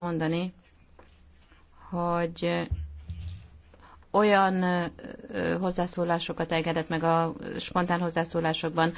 mondani, hogy olyan hozzászólásokat engedett meg a spontán hozzászólásokban,